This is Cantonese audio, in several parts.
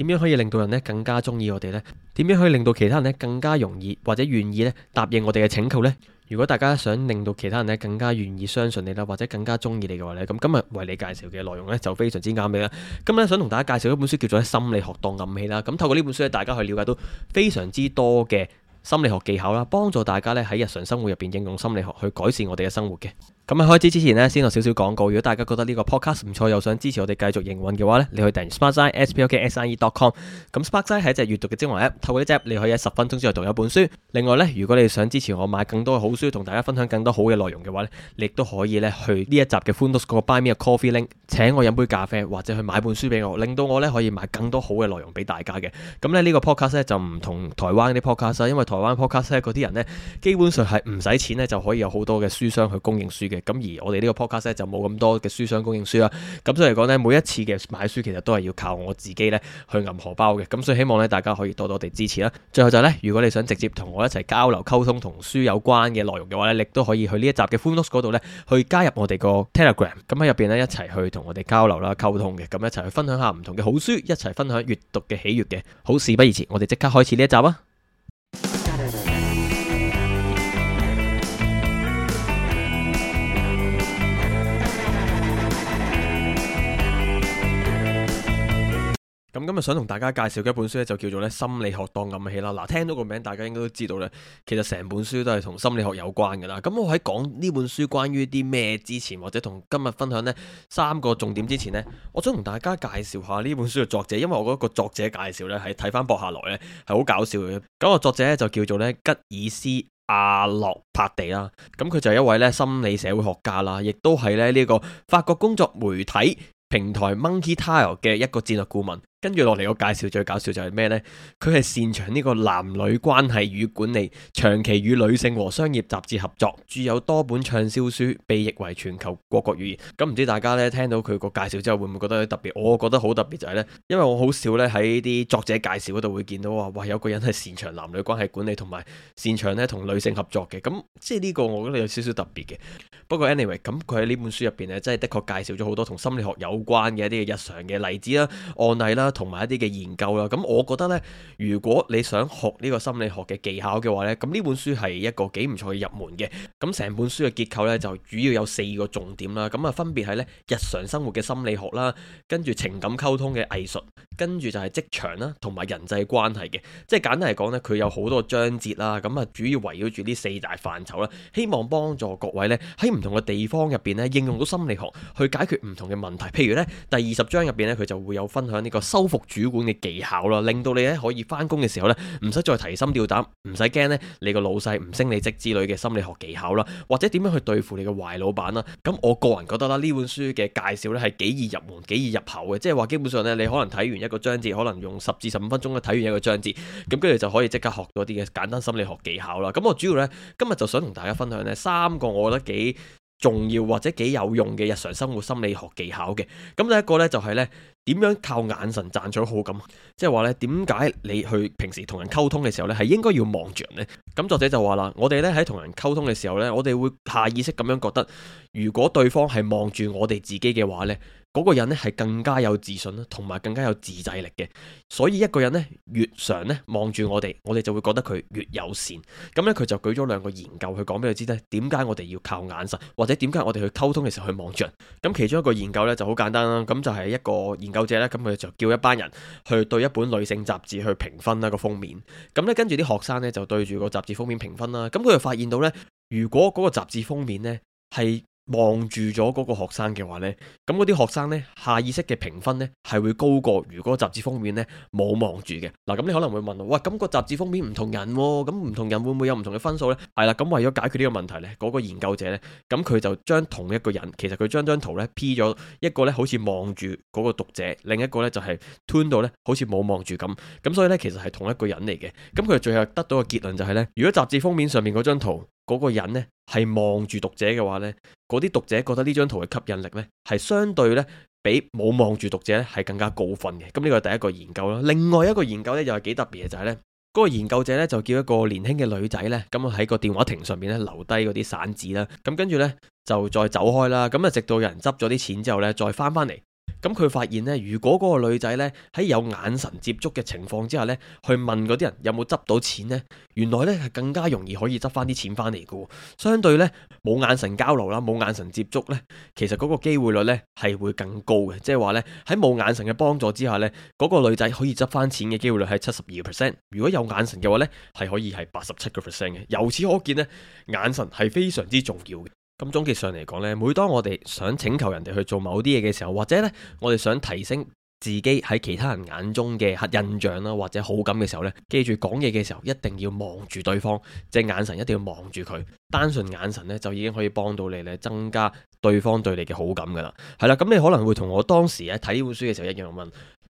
點樣可以令到人咧更加中意我哋呢？點樣可以令到其他人咧更加容易或者願意咧答應我哋嘅請求呢？如果大家想令到其他人咧更加願意相信你啦，或者更加中意你嘅話咧，咁今日為你介紹嘅內容咧就非常之啱你啦。今日想同大家介紹一本書叫做《心理學當暗器》啦。咁透過呢本書咧，大家去了解到非常之多嘅心理學技巧啦，幫助大家咧喺日常生活入邊應用心理學去改善我哋嘅生活嘅。咁喺開始之前呢，先做少少廣告。如果大家覺得呢個 podcast 唔錯，又想支持我哋繼續營運嘅話呢你可以訂閱 s p a r t i S P O K S I E dot com。咁 s p a r t i 係一隻閱讀嘅精華 App，透過啲 App 你可以喺十分鐘之內讀一本書。另外呢，如果你想支持我買更多好書，同大家分享更多好嘅內容嘅話呢你亦都可以呢去呢一集嘅 Fundus Coffee Link 請我飲杯咖啡，或者去買本書俾我，令到我呢可以買更多好嘅內容俾大家嘅。咁呢，呢、這個 podcast 就唔同台灣啲 podcast 因為台灣 podcast 嗰啲人呢基本上係唔使錢咧就可以有好多嘅書商去供應書嘅。咁而我哋呢個 podcast 咧就冇咁多嘅書商供應書啦，咁所以嚟講咧，每一次嘅買書其實都係要靠我自己咧去揞荷包嘅，咁所以希望咧大家可以多多地支持啦。最後就係咧，如果你想直接同我一齊交流溝通同書有關嘅內容嘅話咧，你都可以去呢一集嘅 Fun Books 嗰度咧去加入我哋個 Telegram，咁喺入邊咧一齊去同我哋交流啦溝通嘅，咁一齊去分享下唔同嘅好書，一齊分享閱讀嘅喜悅嘅。好事不宜遲，我哋即刻開始呢一集啊。咁今日想同大家介紹嘅一本書咧，就叫做咧心理學當暗器啦。嗱，聽到個名，大家應該都知道咧，其實成本書都係同心理學有關嘅啦。咁我喺講呢本書關於啲咩之前，或者同今日分享呢三個重點之前呢，我想同大家介紹下呢本書嘅作者，因為我覺得個作者介紹呢，係睇翻博下來呢係好搞笑嘅。咁個作者呢，就叫做咧吉爾斯阿洛帕地啦。咁佢就係一位呢心理社會學家啦，亦都係咧呢個法國工作媒體平台 Monkey Tile 嘅一個戰略顧問。跟住落嚟個介紹最搞笑就係咩呢？佢係擅長呢個男女關係與管理，長期與女性和商業雜誌合作，著有多本暢銷書，被譯為全球各國語言。咁唔知大家呢聽到佢個介紹之後，會唔會覺得特別？我覺得好特別就係呢，因為我好少呢喺啲作者介紹嗰度會見到話，哇，有個人係擅長男女關係管理，同埋擅長呢同女性合作嘅。咁即係呢個我覺得有少少特別嘅。不過 anyway，咁佢喺呢本書入邊呢，真係的確介紹咗好多同心理學有關嘅一啲日常嘅例子啦、案例啦。同埋一啲嘅研究啦，咁我覺得咧，如果你想學呢個心理學嘅技巧嘅話咧，咁呢本書係一個幾唔錯嘅入門嘅。咁成本書嘅結構咧，就主要有四個重點啦。咁啊，分別係咧日常生活嘅心理學啦，跟住情感溝通嘅藝術，跟住就係職場啦，同埋人際關係嘅。即係簡單嚟講咧，佢有好多章節啦。咁啊，主要圍繞住呢四大範疇啦，希望幫助各位咧喺唔同嘅地方入邊咧應用到心理學去解決唔同嘅問題，譬如咧，第二十章入邊咧，佢就會有分享呢個。收服主管嘅技巧啦，令到你咧可以翻工嘅時候咧，唔使再提心吊膽，唔使驚咧你個老細唔升你職之類嘅心理學技巧啦，或者點樣去對付你個壞老闆啦。咁我個人覺得啦，呢本書嘅介紹咧係幾易入門，幾易入口嘅，即係話基本上咧，你可能睇完一個章節，可能用十至十五分鐘咧睇完一個章節，咁跟住就可以即刻學到啲嘅簡單心理學技巧啦。咁我主要咧今日就想同大家分享呢三個我覺得幾重要或者幾有用嘅日常生活心理學技巧嘅。咁第一個咧就係咧。點樣靠眼神賺取好感？即係話咧，點解你去平時同人溝通嘅時候咧，係應該要望住人呢？咁作者就話啦，我哋咧喺同人溝通嘅時候咧，我哋會下意識咁樣覺得，如果對方係望住我哋自己嘅話呢。」嗰個人咧係更加有自信啦，同埋更加有自製力嘅，所以一個人咧越常咧望住我哋，我哋就會覺得佢越友善。咁咧佢就舉咗兩個研究去講俾佢知咧，點解我哋要靠眼神，或者點解我哋去溝通嘅時候去望住人。咁其中一個研究咧就好簡單啦，咁就係一個研究者咧，咁佢就叫一班人去對一本女性雜誌去評分啦個封面。咁咧跟住啲學生咧就對住個雜誌封面評分啦。咁佢就發現到咧，如果嗰個雜誌封面咧係。望住咗嗰個學生嘅話呢，咁嗰啲學生呢，下意識嘅評分呢係會高過如果雜誌封面呢冇望住嘅。嗱，咁你可能會問，「喂，咁個雜誌封面唔同人喎，咁唔同人會唔會有唔同嘅分數呢？」係啦，咁為咗解決呢個問題呢，嗰個研究者呢，咁佢就將同一個人，其實佢將張圖呢 P 咗一個呢，好似望住嗰個讀者，另一個呢，就係吞到呢，好似冇望住咁。咁所以呢，其實係同一個人嚟嘅。咁佢最後得到嘅結論就係呢：如果雜誌封面上面嗰張圖。嗰個人呢係望住讀者嘅話呢，嗰啲讀者覺得呢張圖嘅吸引力呢係相對呢比冇望住讀者呢係更加高分嘅，咁呢個係第一個研究啦。另外一個研究呢又係幾特別嘅就係呢，嗰個研究者呢就叫一個年輕嘅女仔呢，咁啊喺個電話亭上面呢留低嗰啲散紙啦，咁跟住呢就再走開啦，咁啊直到有人執咗啲錢之後呢再翻翻嚟。咁佢發現呢，如果嗰個女仔呢喺有眼神接觸嘅情況之下呢，去問嗰啲人有冇執到錢呢？原來呢係更加容易可以執翻啲錢翻嚟嘅。相對呢，冇眼神交流啦，冇眼神接觸呢，其實嗰個機會率呢係會更高嘅。即係話呢，喺冇眼神嘅幫助之下呢，嗰個女仔可以執翻錢嘅機會率係七十二個 percent。如果有眼神嘅話呢，係可以係八十七個 percent 嘅。由此可見呢，眼神係非常之重要嘅。咁總結上嚟講呢，每當我哋想請求人哋去做某啲嘢嘅時候，或者呢我哋想提升自己喺其他人眼中嘅印象啦，或者好感嘅時候呢，記住講嘢嘅時候一定要望住對方，即係眼神一定要望住佢，單純眼神呢就已經可以幫到你呢增加對方對你嘅好感噶啦。係啦，咁你可能會同我當時咧睇呢本書嘅時候一樣問。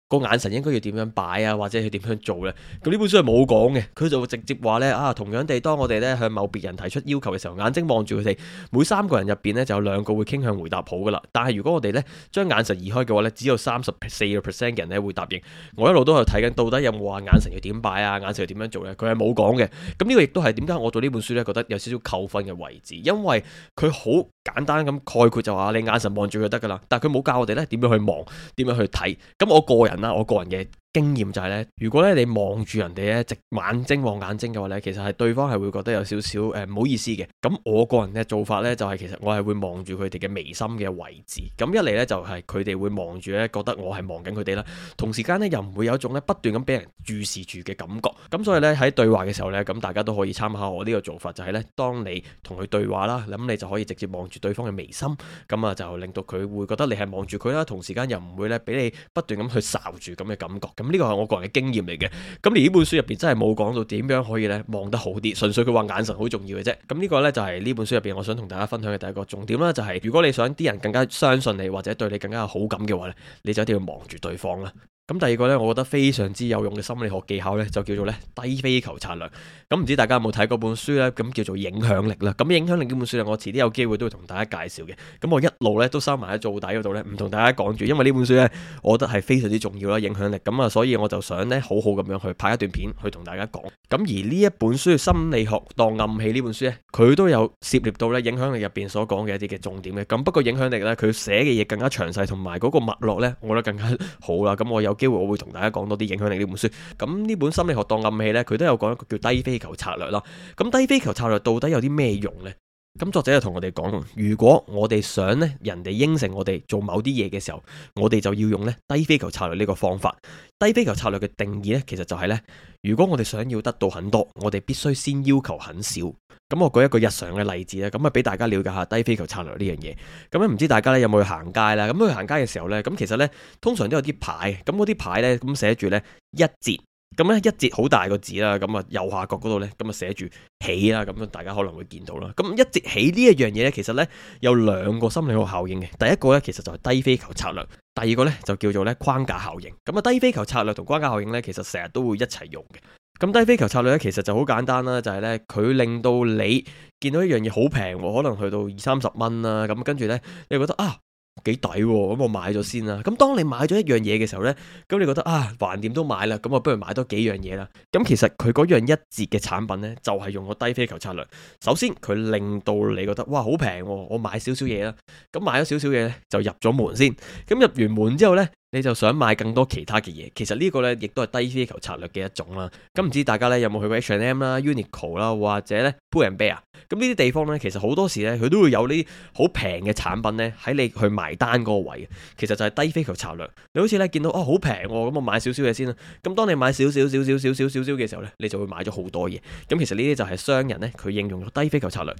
個眼神應該要點樣擺啊，或者要點樣做呢？咁呢本書係冇講嘅，佢就會直接話呢：「啊，同樣地，當我哋呢向某別人提出要求嘅時候，眼睛望住佢哋，每三個人入邊呢就有兩個會傾向回答好噶啦。但係如果我哋呢將眼神移開嘅話呢，只有三十四個 percent 嘅人呢會答應。我一路都喺度睇緊，到底有冇話眼神要點擺啊？眼神要點樣做咧？佢係冇講嘅。咁呢個亦都係點解我做呢本書呢覺得有少少扣分嘅位置，因為佢好。簡單咁概括就話，你眼神望住佢就得噶啦，但係佢冇教我哋咧點樣去望，點樣去睇。咁我個人啦，我個人嘅。經驗就係、是、咧，如果咧你望住人哋咧，直眼睛望眼睛嘅話咧，其實係對方係會覺得有少少誒唔好意思嘅。咁我個人嘅做法咧、就是，就係其實我係會望住佢哋嘅眉心嘅位置。咁一嚟咧就係佢哋會望住咧，覺得我係望緊佢哋啦。同時間咧又唔會有一種咧不斷咁俾人注視住嘅感覺。咁所以咧喺對話嘅時候咧，咁大家都可以參考我呢個做法，就係咧，當你同佢對話啦，咁你就可以直接望住對方嘅眉心，咁啊就令到佢會覺得你係望住佢啦。同時間又唔會咧俾你不斷咁去睄住咁嘅感覺。咁呢個係我個人嘅經驗嚟嘅，咁而呢本書入邊真係冇講到點樣可以咧望得好啲，純粹佢話眼神好重要嘅啫。咁呢個呢就係呢本書入邊我想同大家分享嘅第一個重點啦、就係，就係如果你想啲人更加相信你或者對你更加有好感嘅話咧，你就一定要望住對方啦。咁第二個呢，我覺得非常之有用嘅心理學技巧呢，就叫做呢低飛球策略。咁唔知大家有冇睇嗰本書呢？咁叫做影響力啦。咁影響力呢本書呢，我遲啲有機會都會同大家介紹嘅。咁我一路呢，都收埋喺做底嗰度呢，唔同大家講住，因為呢本書呢，我覺得係非常之重要啦，影響力。咁啊，所以我就想呢，好好咁樣去拍一段片去同大家講。咁而呢一本書心理學當暗器呢本書呢，佢都有涉獵到呢影響力入邊所講嘅一啲嘅重點嘅。咁不過影響力呢，佢寫嘅嘢更加詳細，同埋嗰個脈絡呢，我覺得更加好啦。咁、嗯、我有。機會我會同大家講多啲影響力呢本書，咁呢本心理學當暗器呢，佢都有講一個叫低飛球策略啦。咁低飛球策略到底有啲咩用呢？咁作者就同我哋講，如果我哋想咧，人哋應承我哋做某啲嘢嘅時候，我哋就要用咧低飛球策略呢個方法。低飛球策略嘅定義咧，其實就係咧，如果我哋想要得到很多，我哋必須先要求很少。咁我舉一個日常嘅例子咧，咁啊俾大家了解下低飛球策略呢樣嘢。咁咧唔知大家咧有冇去行街啦？咁去行街嘅時候咧，咁其實咧通常都有啲牌，咁嗰啲牌咧咁寫住咧一折。咁咧一截好大個字啦，咁啊右下角嗰度呢，咁啊寫住起啦，咁樣大家可能會見到啦。咁一截起呢一樣嘢呢，其實呢，有兩個心理學效應嘅。第一個呢，其實就係低飛球策略；第二個呢，就叫做呢框架效應。咁啊低飛球策略同框架效應呢，其實成日都會一齊用嘅。咁低飛球策略呢，其實就好簡單啦，就係呢，佢令到你見到一樣嘢好平，可能去到二三十蚊啦，咁跟住呢，你又覺得啊。幾抵，咁我買咗先啦。咁當你買咗一樣嘢嘅時候呢，咁你覺得啊，橫掂都買啦，咁我不如買多幾樣嘢啦。咁其實佢嗰樣一折嘅產品呢，就係用個低飛球策略。首先佢令到你覺得哇好平，我買少少嘢啦。咁買咗少少嘢呢，就入咗門先。咁入完門之後呢。你就想買更多其他嘅嘢，其實呢個呢亦都係低飛球策略嘅一種啦。咁唔知大家呢有冇去過 H&M 啦、Uniqlo 啦，或者呢 Pull and Bear。咁呢啲地方呢，其實好多時呢，佢都會有啲好平嘅產品呢喺你去埋單嗰個位。其實就係低飛球策略。你好似呢見到、哦、啊好平喎，咁我買少少嘢先啦。咁當你買少少少少少少少少嘅時候呢，你就會買咗好多嘢。咁其實呢啲就係商人呢，佢應用咗低飛球策略，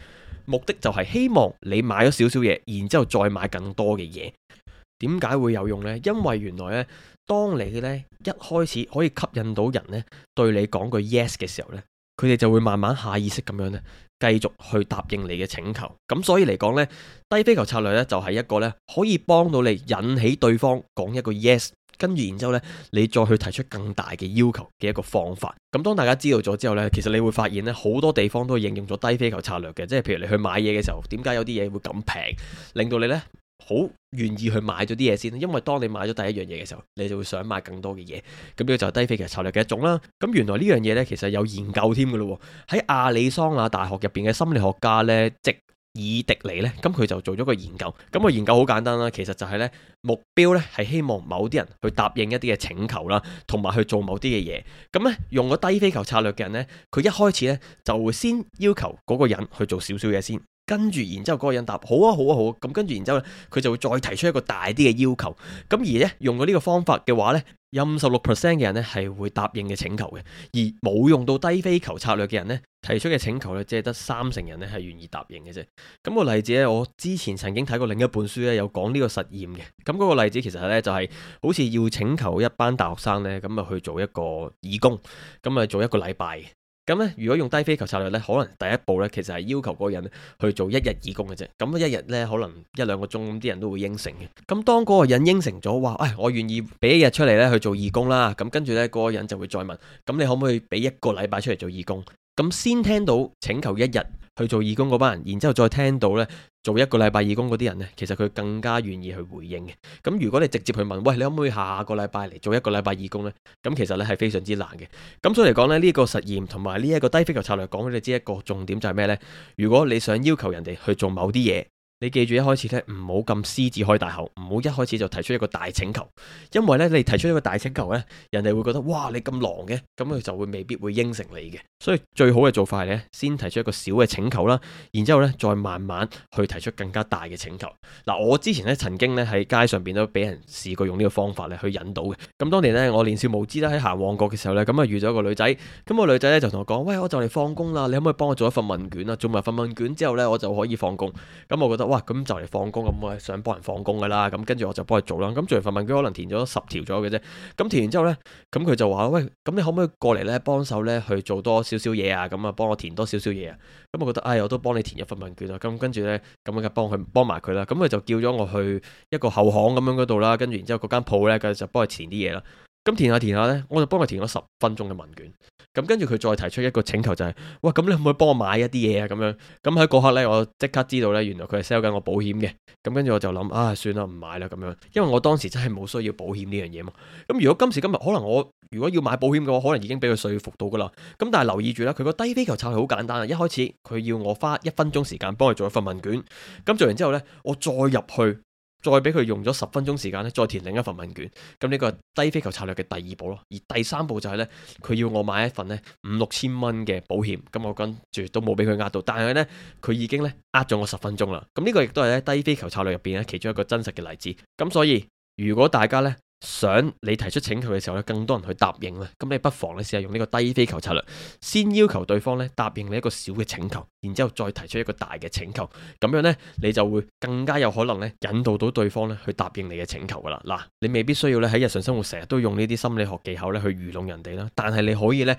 目的就係希望你買咗少少嘢，然之後再買更多嘅嘢。點解會有用呢？因為原來咧，當你咧一開始可以吸引到人咧，對你講句 yes 嘅時候咧，佢哋就會慢慢下意識咁樣咧，繼續去答應你嘅請求。咁、嗯、所以嚟講咧，低飛球策略咧就係、是、一個咧，可以幫到你引起對方講一個 yes，跟住然之後咧，你再去提出更大嘅要求嘅一個方法。咁、嗯、當大家知道咗之後咧，其實你會發現咧，好多地方都應用咗低飛球策略嘅，即係譬如你去買嘢嘅時候，點解有啲嘢會咁平，令到你咧？好願意去買咗啲嘢先，因為當你買咗第一樣嘢嘅時候，你就會想買更多嘅嘢，咁呢個就係低飛球策略嘅一種啦。咁原來呢樣嘢呢，其實有研究添嘅咯喎，喺亞利桑那大學入邊嘅心理學家呢，即爾迪尼呢，咁佢就做咗個研究。咁個研究好簡單啦、啊，其實就係呢，目標呢，係希望某啲人去答應一啲嘅請求啦，同埋去做某啲嘅嘢。咁呢，用個低飛球策略嘅人呢，佢一開始呢，就會先要求嗰個人去做少少嘢先。跟住，然之後嗰個人答：好啊，好啊，好啊。咁跟住，然之後咧，佢就會再提出一個大啲嘅要求。咁而咧，用過呢個方法嘅話咧，有五十六 percent 嘅人咧係會答應嘅請求嘅。而冇用到低飛球策略嘅人咧，提出嘅請求咧，只係得三成人咧係願意答應嘅啫。咁嗰個例子咧，我之前曾經睇過另一本書咧，有講呢個實驗嘅。咁嗰個例子其實咧就係好似要請求一班大學生咧，咁啊去做一個義工，咁啊做一個禮拜。咁咧，如果用低飛球策略咧，可能第一步咧，其實係要求嗰個人去做一日義工嘅啫。咁一日咧，可能一兩個鐘，咁啲人都會應承嘅。咁當嗰個人應承咗，話，唉，我願意俾一日出嚟咧去做義工啦。咁跟住咧，嗰個人就會再問，咁你可唔可以俾一個禮拜出嚟做義工？咁先聽到請求一日。去做義工嗰班人，然之後再聽到呢，做一個禮拜義工嗰啲人呢，其實佢更加願意去回應嘅。咁如果你直接去問，「喂，你可唔可以下個禮拜嚟做一個禮拜義工呢？」咁其實呢係非常之難嘅。咁所以嚟講呢，呢一個實驗同埋呢一個低飛球策略講，你知一個重點就係咩呢？如果你想要求人哋去做某啲嘢。你記住一開始咧，唔好咁獅子開大口，唔好一開始就提出一個大請求，因為咧你提出一個大請求咧，人哋會覺得哇，你咁狼嘅，咁佢就會未必會應承你嘅。所以最好嘅做法咧，先提出一個小嘅請求啦，然之後咧再慢慢去提出更加大嘅請求。嗱，我之前咧曾經咧喺街上邊都俾人試過用呢個方法咧去引導嘅。咁當年咧我年少無知咧喺行旺角嘅時候咧，咁啊遇咗一個女仔，咁個女仔咧就同我講：喂，我就嚟放工啦，你可唔可以幫我做一份問卷啊？做埋份問卷之後咧，我就可以放工。咁我覺得。哇，咁就嚟放工，咁我想幫人放工噶啦，咁跟住我就幫佢做啦。咁做完份問卷，可能填咗十條咗嘅啫。咁填完之後呢，咁佢就話喂，咁你可唔可以過嚟呢？幫手呢去做多少少嘢啊？咁啊，幫我填多少少嘢啊？咁、嗯、我覺得，哎，我都幫你填一份問卷啊。咁跟住呢，咁啊，幫佢幫埋佢啦。咁佢就叫咗我去一個後巷咁樣嗰度啦。跟住然之後嗰間鋪呢，佢就幫佢填啲嘢啦。咁填下填下呢，我就幫佢填咗十分鐘嘅問卷。咁跟住佢再提出一個請求就係、是，喂，咁你可唔可以幫我買一啲嘢啊？咁樣。咁喺嗰刻呢，我即刻知道呢，原來佢係 sell 緊我保險嘅。咁跟住我就諗，啊、哎，算啦，唔買啦咁樣。因為我當時真係冇需要保險呢樣嘢嘛。咁如果今時今日，可能我如果要買保險嘅話，可能已經俾佢說服到噶啦。咁但係留意住咧，佢個低飛球策略好簡單啊！一開始佢要我花一分鐘時間幫佢做一份問卷。咁做完之後呢，我再入去。再俾佢用咗十分鐘時間咧，再填另一份問卷，咁呢個係低飛球策略嘅第二步咯。而第三步就係呢，佢要我買一份咧五六千蚊嘅保險，咁我跟住都冇俾佢呃到，但係呢，佢已經呢呃咗我十分鐘啦。咁呢個亦都係咧低飛球策略入邊咧其中一個真實嘅例子。咁所以如果大家呢……想你提出請求嘅時候咧，更多人去答應啦。咁你不妨咧試下用呢個低飛球策略，先要求對方咧答應你一個小嘅請求，然之後再提出一個大嘅請求。咁樣呢，你就會更加有可能咧引導到對方咧去答應你嘅請求噶啦。嗱，你未必需要咧喺日常生活成日都用呢啲心理學技巧咧去愚弄人哋啦，但係你可以咧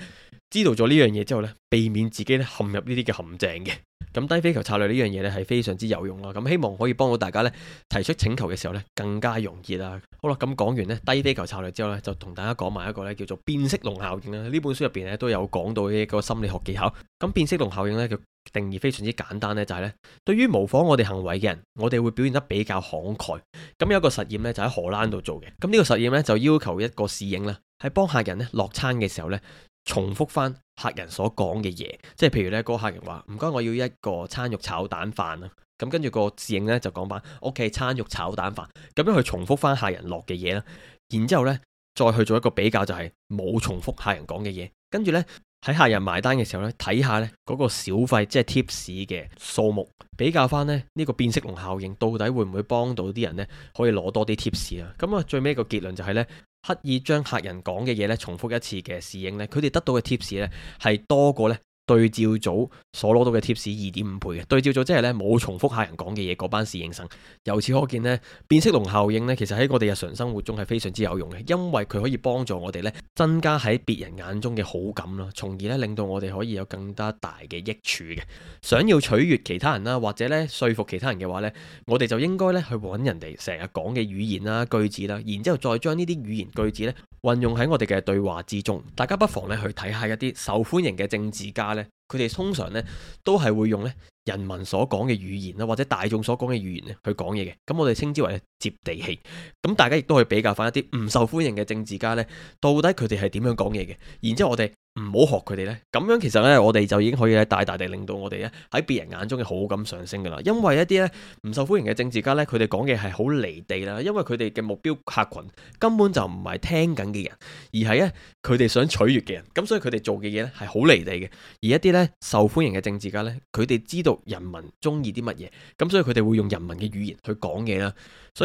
知道咗呢樣嘢之後咧，避免自己咧陷入呢啲嘅陷阱嘅。咁低飛球策略呢樣嘢咧係非常之有用咯，咁希望可以幫到大家呢，提出請求嘅時候呢，更加容易啊！好啦，咁講完咧低飛球策略之後呢，就同大家講埋一個呢，叫做變色龍效應啦。呢本書入邊呢，都有講到呢個心理學技巧。咁變色龍效應呢，嘅定義非常之簡單呢，就係呢，對於模仿我哋行為嘅人，我哋會表現得比較慷慨。咁有一個實驗呢，就喺荷蘭度做嘅。咁呢個實驗呢，就要求一個侍應咧喺幫客人咧落餐嘅時候呢，重複翻客人所講嘅嘢，即係譬如呢個客人話，唔該我要一個餐肉炒蛋飯啊，咁跟住個侍應呢就講翻 OK 餐肉炒蛋飯，咁樣去重複翻客人落嘅嘢啦，然之後呢再去做一個比較，就係冇重複客人講嘅嘢，跟住呢，喺客人埋單嘅時候呢，睇下呢嗰個小費即係貼士嘅數目，比較翻呢，呢個變色龍效應到底會唔會幫到啲人呢？可以攞多啲貼士啊？咁啊最尾個結論就係呢。刻意將客人講嘅嘢咧重複一次嘅侍應咧，佢哋得到嘅 tips 咧係多過咧，對照組所攞到嘅貼士二點五倍嘅對照組，即係咧冇重複客人講嘅嘢嗰班侍應生。由此可見咧，變色龍效應咧其實喺我哋日常生活中係非常之有用嘅，因為佢可以幫助我哋咧增加喺別人眼中嘅好感咯，從而咧令到我哋可以有更加大嘅益處嘅。想要取悅其他人啦，或者咧說服其他人嘅話呢，我哋就應該咧去揾人哋成日講嘅語言啦、句子啦，然之後再將呢啲語言句子咧運用喺我哋嘅對話之中。大家不妨咧去睇下一啲受歡迎嘅政治家。佢哋通常咧都係會用咧人民所講嘅語言啦，或者大眾所講嘅語言咧去講嘢嘅，咁我哋稱之為咧，接地氣。咁大家亦都可以比較翻一啲唔受歡迎嘅政治家呢，到底佢哋係點樣講嘢嘅？然之後我哋唔好學佢哋呢，咁樣其實呢，我哋就已經可以咧大大地令到我哋咧喺別人眼中嘅好感上升噶啦，因為一啲咧唔受歡迎嘅政治家呢，佢哋講嘅係好離地啦，因為佢哋嘅目標客群根本就唔係聽緊嘅人，而係咧佢哋想取悅嘅人，咁所以佢哋做嘅嘢咧係好離地嘅。而一啲咧受歡迎嘅政治家呢，佢哋知道人民中意啲乜嘢，咁所以佢哋會用人民嘅語言去講嘢啦，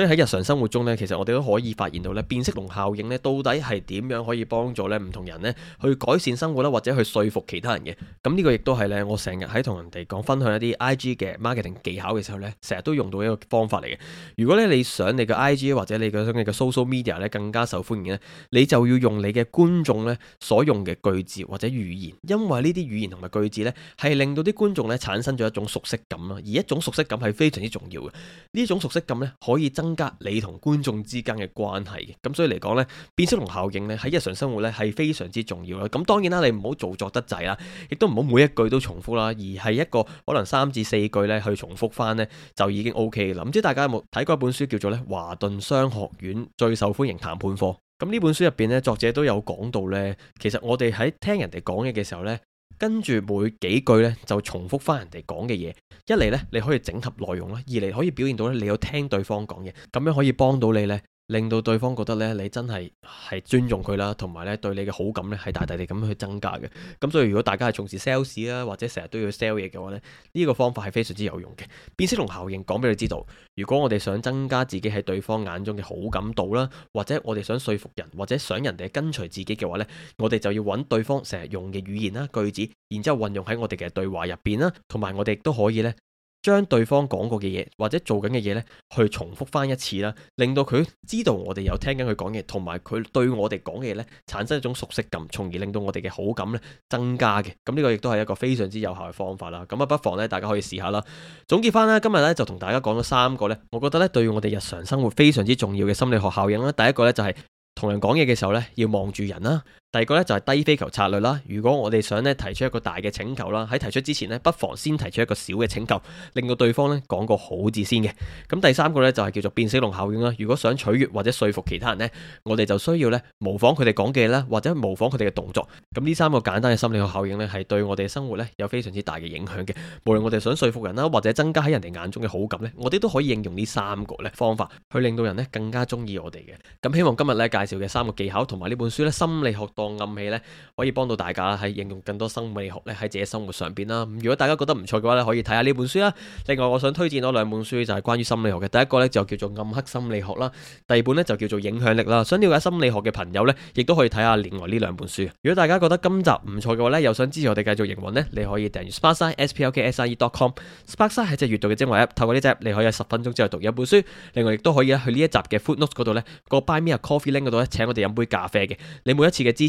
所以喺日常生活中咧，其實我哋都可以發現到咧變色龍效應咧，到底係點樣可以幫助咧唔同人咧去改善生活啦，或者去說服其他人嘅。咁呢個亦都係咧，我成日喺同人哋講分享一啲 IG 嘅 marketing 技巧嘅時候咧，成日都用到一個方法嚟嘅。如果咧你想你嘅 IG 或者你嘅 social media 咧更加受歡迎咧，你就要用你嘅觀眾咧所用嘅句子或者語言，因為呢啲語言同埋句子咧係令到啲觀眾咧產生咗一種熟悉感啦，而一種熟悉感係非常之重要嘅。呢種熟悉感咧可以增增加你同觀眾之間嘅關係。咁所以嚟講呢，變色龍效應呢，喺日常生活呢係非常之重要啦。咁當然啦，你唔好做作得滯啦，亦都唔好每一句都重複啦，而係一個可能三至四句呢去重複翻呢，就已經 O K 啦。唔知大家有冇睇過一本書叫做呢《華頓商學院最受歡迎談判課》？咁呢本書入邊呢，作者都有講到呢，其實我哋喺聽人哋講嘢嘅時候呢。跟住每幾句咧，就重複翻人哋講嘅嘢。一嚟咧，你可以整合內容啦，二嚟可以表現到咧，你有聽對方講嘢，咁樣可以幫到你咧。令到對方覺得咧，你真係係尊重佢啦，同埋咧，對你嘅好感咧係大，大大地咁樣去增加嘅。咁所以如果大家係從事 sales 啊，或者成日都要 sell 嘢嘅話咧，呢、這個方法係非常之有用嘅。變色龍效應講俾你知道，如果我哋想增加自己喺對方眼中嘅好感度啦，或者我哋想說服人，或者想人哋跟隨自己嘅話咧，我哋就要揾對方成日用嘅語言啦、句子，然之後運用喺我哋嘅對話入邊啦，同埋我哋都可以咧。將對方講過嘅嘢，或者做緊嘅嘢呢，去重複翻一次啦，令到佢知道我哋有聽緊佢講嘢，同埋佢對我哋講嘢呢產生一種熟悉感，從而令到我哋嘅好感呢增加嘅。咁呢個亦都係一個非常之有效嘅方法啦。咁啊，不妨呢，大家可以試下啦。總結翻啦，今日呢，就同大家講咗三個呢，我覺得呢，對我哋日常生活非常之重要嘅心理學效應啦。第一個呢，就係同人講嘢嘅時候呢，要望住人啦。第二個咧，就係低飛球策略啦。如果我哋想咧，提出一個大嘅請求啦，喺提出之前呢，不妨先提出一個小嘅請求，令到對方咧，講個好字先嘅。咁第三個咧，就係叫做變色龍效應啦。如果想取悅或者說服其他人呢，我哋就需要咧，模仿佢哋講嘅嘢啦，或者模仿佢哋嘅動作。咁呢三個簡單嘅心理學效應咧，係對我哋生活咧，有非常之大嘅影響嘅。無論我哋想說服人啦，或者增加喺人哋眼中嘅好感咧，我哋都可以應用呢三個咧，方法去令到人咧，更加中意我哋嘅。咁希望今日咧，介紹嘅三個技巧同埋呢本書咧，心理學。個暗器咧，可以幫到大家喺應用更多生理學咧喺自己生活上邊啦。如果大家覺得唔錯嘅話咧，可以睇下呢本書啦。另外，我想推薦我兩本書就係關於心理學嘅。第一個咧就叫做《暗黑心理學》啦，第二本咧就叫做《影響力》啦。想了解心理學嘅朋友咧，亦都可以睇下另外呢兩本書。如果大家覺得今集唔錯嘅話咧，又想支持我哋繼續營運咧，你可以訂閱 Sparkside S P L K S I E dot com。Sparkside 係隻閱讀嘅精華 app，透過呢隻你可以喺十分鐘之內讀一本書。另外，亦都可以去呢一集嘅 Footnotes 嗰度咧，個 Buy Me a Coffee Link 度咧，請我哋飲杯咖啡嘅。你每一次嘅支